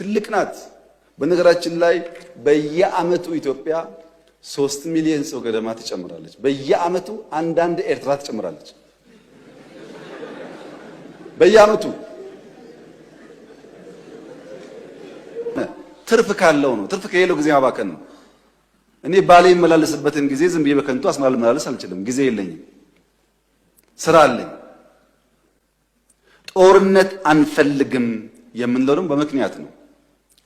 ትልቅ ናት። በነገራችን ላይ በየአመቱ ኢትዮጵያ ሶስት ሚሊዮን ሰው ገደማ ትጨምራለች። በየዓመቱ አንዳንድ ኤርትራ ትጨምራለች። በየአመቱ ትርፍ ካለው ነው። ትርፍ ከሌለው ጊዜ ማባከን ነው። እኔ ባሌ የመላለስበትን ጊዜ ዝም ብዬ በከንቱ አስመራ ልመላለስ አልችልም። ጊዜ የለኝም፣ ስራ አለኝ። ጦርነት አንፈልግም የምንለው ደግሞ በምክንያት ነው።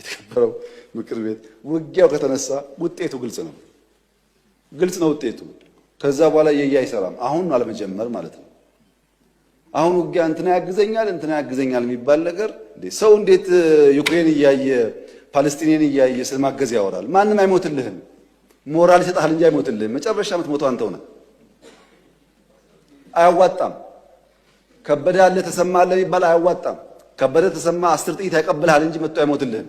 የተከበረው ምክር ቤት ውጊያው ከተነሳ ውጤቱ ግልጽ ነው። ግልጽ ነው ውጤቱ። ከዛ በኋላ የየ አይሰራም። አሁን አለመጀመር ማለት ነው። አሁን ውጊያ እንትና ያግዘኛል እንትና ያግዘኛል የሚባል ነገር ሰው እንዴት ዩክሬን እያየ ፓለስቲኔን እያየ ስለማገዝ ያወራል? ማንም አይሞትልህም። ሞራል ይሰጥሃል እንጂ አይሞትልህም። መጨረሻ የምትሞተው አንተው ነህ። አያዋጣም። ከበደ ያለ ተሰማ አለ የሚባል አያዋጣም። ከበደ ተሰማ አስር ጥይት ያቀብልሃል እንጂ መጥቶ አይሞትልህም።